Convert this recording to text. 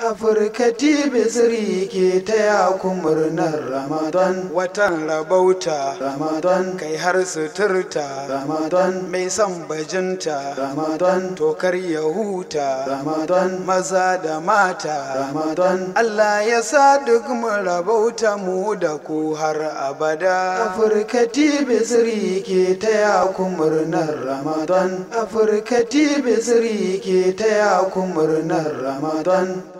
Afirka TV Siri ke taya ku murnar Ramadan watan rabauta Ramadan kai har suturta Ramadan mai son bajinta Ramadan tokar ya huta Ramadan maza da mata Ramadan Allah ya sa duk mu rabauta mu da ku har abada Afirka TV Siri ke taya ku murnar Ramadan Afirka TV Siri ke taya ku murnar Ramadan